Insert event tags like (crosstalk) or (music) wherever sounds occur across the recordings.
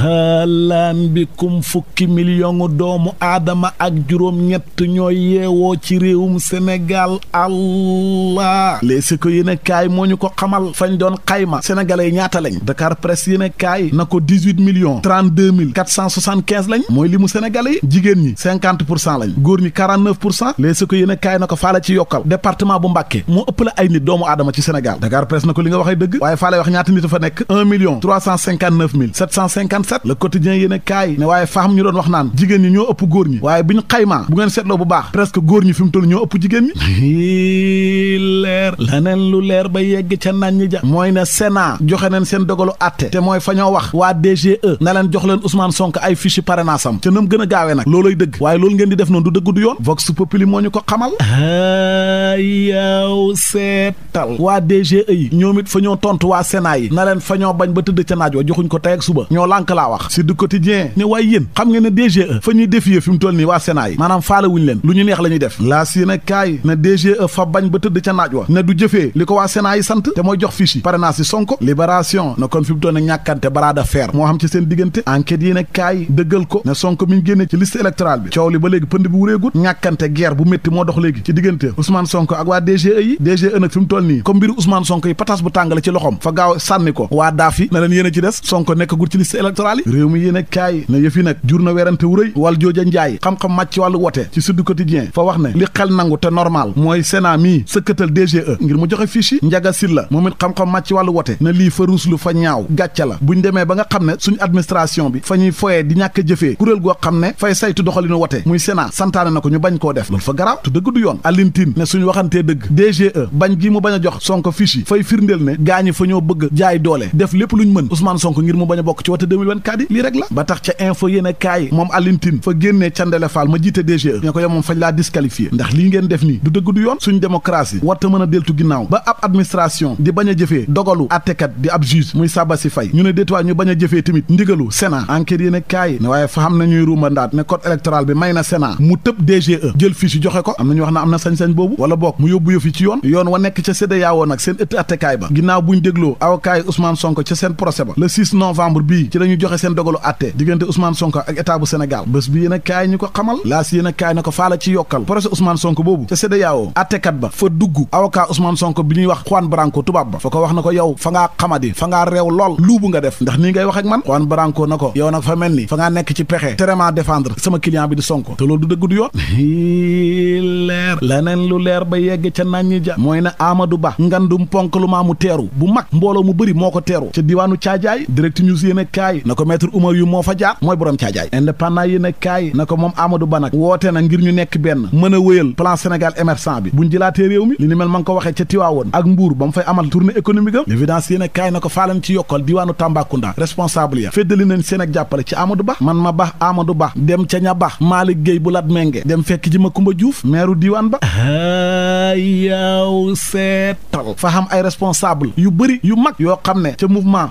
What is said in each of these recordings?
bi bikum fukki miliyoŋu doomu aadama ak juróom-ñett ñoo yeewoo ci réewum Sénégal allah léesi ko yéen a kaay moo ñu ko xamal fañ doon xayma sénégalais yi ñaata lañ Dakar Presse yéen a na ko dix-huit lañ mooy limu sénégalais yi jigéen ñi lañ góor ñi quarante ko yéen a kaay na ko faala ci yokkal département bu Mbàkke moo ëpp la ay nit doomu aadama ci Sénégal Dakar Presse na ko li nga waxee dëgg waaye faale wax ñaata nit fa nekk un million 2017 le quotidien yéen a kaay ne waaye faam ñu doon wax naan jigéen ñi ñoo ëpp góor ñi waaye bi ñu xaymaa bu ngeen seetloo bu baax presque góor ñi fi mu ñoo ëpp jigéen ñi leer nen lu leer ba yegg ca naan ñi ja mooy ne Sénat joxe neen seen dogalu àtte te mooy fa ñoo wax waa DGE na leen jox leen Ousmane Sonko ay fiche parrainage am ca nam gën a gaawee nag looloy dëgg waaye loolu ngeen di def noonu du dëgg du yoon Vox Populi moo ñu ko xamal yaw seetal waa DGE yi ñoom it fa tontu waa Sénat na leen ko tey ak laa wax si du quotidien ne waaye yéen xam nga ne DGE fa ñuy défier fi mu nii waa Sénat maanaam faale wuñu leen lu ñu neex la def laa si ne kaay ne DGE fa bañ ba tëdd ca naaj wa ne du jëfee li ko waa Sénat sant te mooy jox fiche yi pare naa si Sonko libération na kon fi mu ne ñàkkante bara de moo xam ci seen diggante enquête yi kaay dëggal ko ne Sonko mi génnee ci liste électorale bi coow li ba léegi pënd bi wuréegut ñàkkante e e a locales yi réew mi yéen a kaay ne yëf jur na werante wu rëy njaay xam-xam màcc ci wote ci Sud Quotidien fa wax ne li xel nangu te normal mooy Sénat mii sëkkatal DGE ngir mu joxe fiche yi Njaga Silla moom xam-xam màcc ci wote ne lii fa ruuslu fa ñaaw gàcca la buñ demee ba nga xam ne suñu administration bi fa ñuy foyee di ñàkk jëfee kuréel goo xam ne fay saytu doxalinu wote muy Sénat santaane na ko ñu bañ koo def loolu fa garaaw tu dëgg e a a bokk 2024 yi rek la ba tax ca info yéen kaay moom Alintine fa génnee Candele Fall ma jiite DGE ña ko yow moom laa disqualifié ndax lii ngeen def nii du dëgg du yoon suñ démocratie warta mën a deltu ginnaaw ba ab administration di bañ jëfee dogalu attekat di ab juge muy sàba si fay ñu ne déetuwaay ñu bañ jëfee tamit ndigalu Sénat enquête yéen kaay ne waaye fa xam na ñuy rumbandaat ne code électoral bi may na Sénat mu tëb DGE jël fiche yi joxe joxe seen dogalu àtte diggante Ousmane Sonko ak état bu bés bi yéen a kaay ko xamal laas yéen a kaay na ko faala ci yokkal procès Ousmane Sonko boobu ca CEDEAO àttekat ba fa dugg avocat Ousmane Sonko bi ñuy wax Juan Branco tubaab ba fa ko wax na ko yow fa ngaa xamadi fa ngaa réew lool luubu nga def ndax nii ngay wax ak man Juan Branco na ko yow nag fa mel ni fa ngaa nekk ci pexe vraiment défendre sama client bi di Sonko te loolu du dëgg du yoon (laughs) leer a ko maître Oumar yu moo fa jaar mooy borom caajaay indépendant yi ne kaay na ko moom Amadou Ba nag woote na ngir ñu nekk benn mën a wéyal plan Sénégal émergent bi buñ jëlaatee réew mi li ni mel ma ko waxee ca Tiwaawoon ak Mbuur ba mu fay amal tournée économique am l'évidence yi ne kaay na ko faalam ci yokkal diiwaanu Tambacounda responsable ya féddali nañ seen ak jàppale ci Amadou Ba man ma bax Amadou Ba dem ca ña bax Malick bu lat menge dem fekk ji ma xam ay responsable yu bëri yu mag yoo xam ne ca mouvement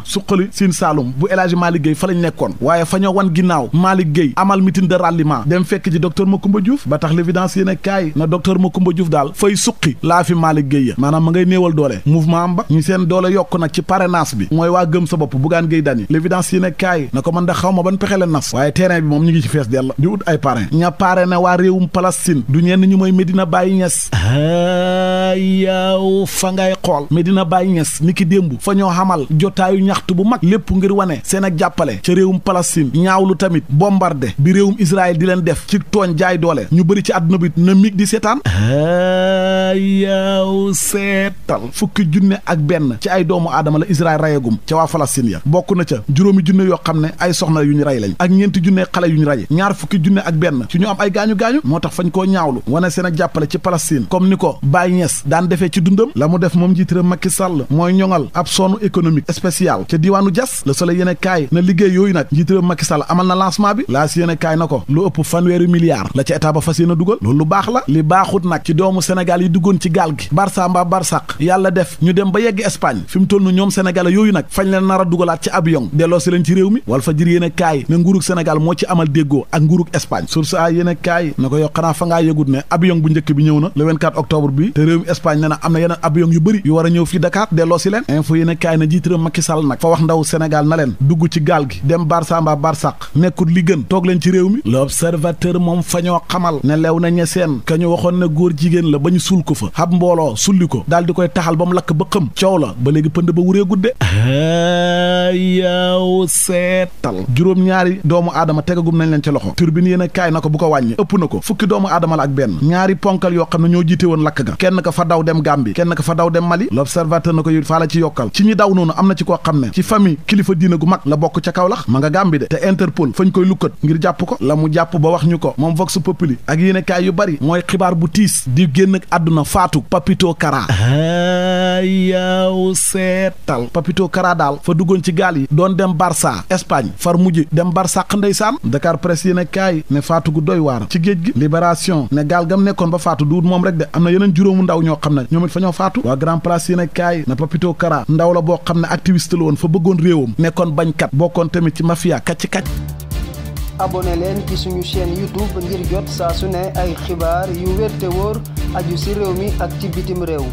Gueye fa lañ nekkoon waaye fa wan ginnaaw Malick Gueye amal meeting de ralliement dem fekk ji docteur Macoumba Diouf ba tax l'évidence yéen a kaay na docteur Macoumba Diouf daal fay suqi laa fi Malick Gueye ya maanaam ma ngay néewal doole mouvement am ba ñu seen doole yokk nag ci parrainage bi mooy waa gëm sa bopp Bougane Gueye Dany l'évidence yéen a kaay na ko mën da xaw ma ban pexe leen nas waaye terrain bi moom ñu ngi ci fees dell di ut ay parrain ña parrainé waa réewum Palestine jàppale ca réewum Palestine ñaawlu tamit bombarde bi réewum Israël di leen def ci tooñ jaay doole ñu bëri ci àdduna bi na mig di seetaan yaaw seetal fukki junne ak benn ci ay doomu aadama la Israël rayagum ca waa Palestine ya bokk na ca juróomi junne yoo xam ne ay soxna yu ñu ray lañ ak ñeenti junne xale yu ñu ray ñaar fukki junne ak benn ci ñu am ay gaañu-gaañu moo tax fañ koo ñaawlu wane seen ak jàppale ci Palestine comme ni ko Baye Niass daan defee ci dundam la mu def moom njiitëram Macky Sall mooy ñoŋal ab sonu économique spécial ca diiwaanu Diass Le Soleil yéene kaay liggéey yooyu nag njiit réew Macky Sall amal na lancement bi laas yéen kaay na ko lu ëpp fanweeri milliards la ca état ba fas yéen a dugal loolu lu baax la li baaxut nag ci doomu Sénégal yi duggoon ci gaal gi Barça mbaa yàlla def ñu dem ba yegg Espagne fi mu toll nu ñoom sénégalais yooyu nag fañ leen nar a dugalaat ci avion delloo si leen ci réew mi wal fa jir yéen kaay ne nguurug Sénégal moo ci amal déggoo ak nguurug Espagne source a yéen kaay ko yow xanaa fa ngaa yëgut ne avion bu bi ñëw na le 24 octobre bi te réew na am na yeneen avion yu bëri yu a ñëw fii Dakar delloo si leen info yéen kaay na njiit réew Macky Sall nag fa wax ndaw Sénégal gaal gi dem barsamba barsàq nekkul li gën toog leen ci réew mi l'observateur moom fa ñoo xamal ne lew na ña seen ka ñu waxoon ne góor jigéen la ba ñu suul ko fa xam mbooloo sulli ko daal di koy taxal ba mu lakk ba xëm coow la ba léegi pënd ba wuree gudde yaw seetal juróom-ñaari doomu aadama tegagum nañ leen ca loxo turbine yéen a kaay na ko bu ko wàññi ëpp na ko fukki doomu aadama la ak benn ñaari ponkal yoo xam ne ñoo jiite woon lakk ga kenn ka fa daw dem Gàmbi kenn ka fa daw dem Mali l'observateur na ko yu faa la ci yokkal ci ñi na ci koo ne ca Kaolack ma nga Gàmbi de te Interpol fañ koy lukkat ngir jàpp ko la mu jàpp ba wax ñu ko moom Vox Populi ak yéenekaay yu bari mooy xibaar bu tiis di génn àdduna faatu Papito Kara ah. yaaw seetal papito kara daal fa duggoon ci gaal yi doon dem barça espagne far mujj dem barsàq ndeysaan dakar presse yéen a kaay ne faatu gu doy waar ci géej gi libération ne gaal gam nekkoon ba faatu duut moom rek de am na yeneen juróomu ndaw ñoo xam ne ñoom it fa ñoo faatu waa grand place yéen kaay na papito kara ndaw la boo xam ne activiste la woon fa bëggoon réewam nekkoon bañkat bokkoon tamit ci mafia kacc-kacc abonné leen ci suñu chaîne youtube ngir jot saa réew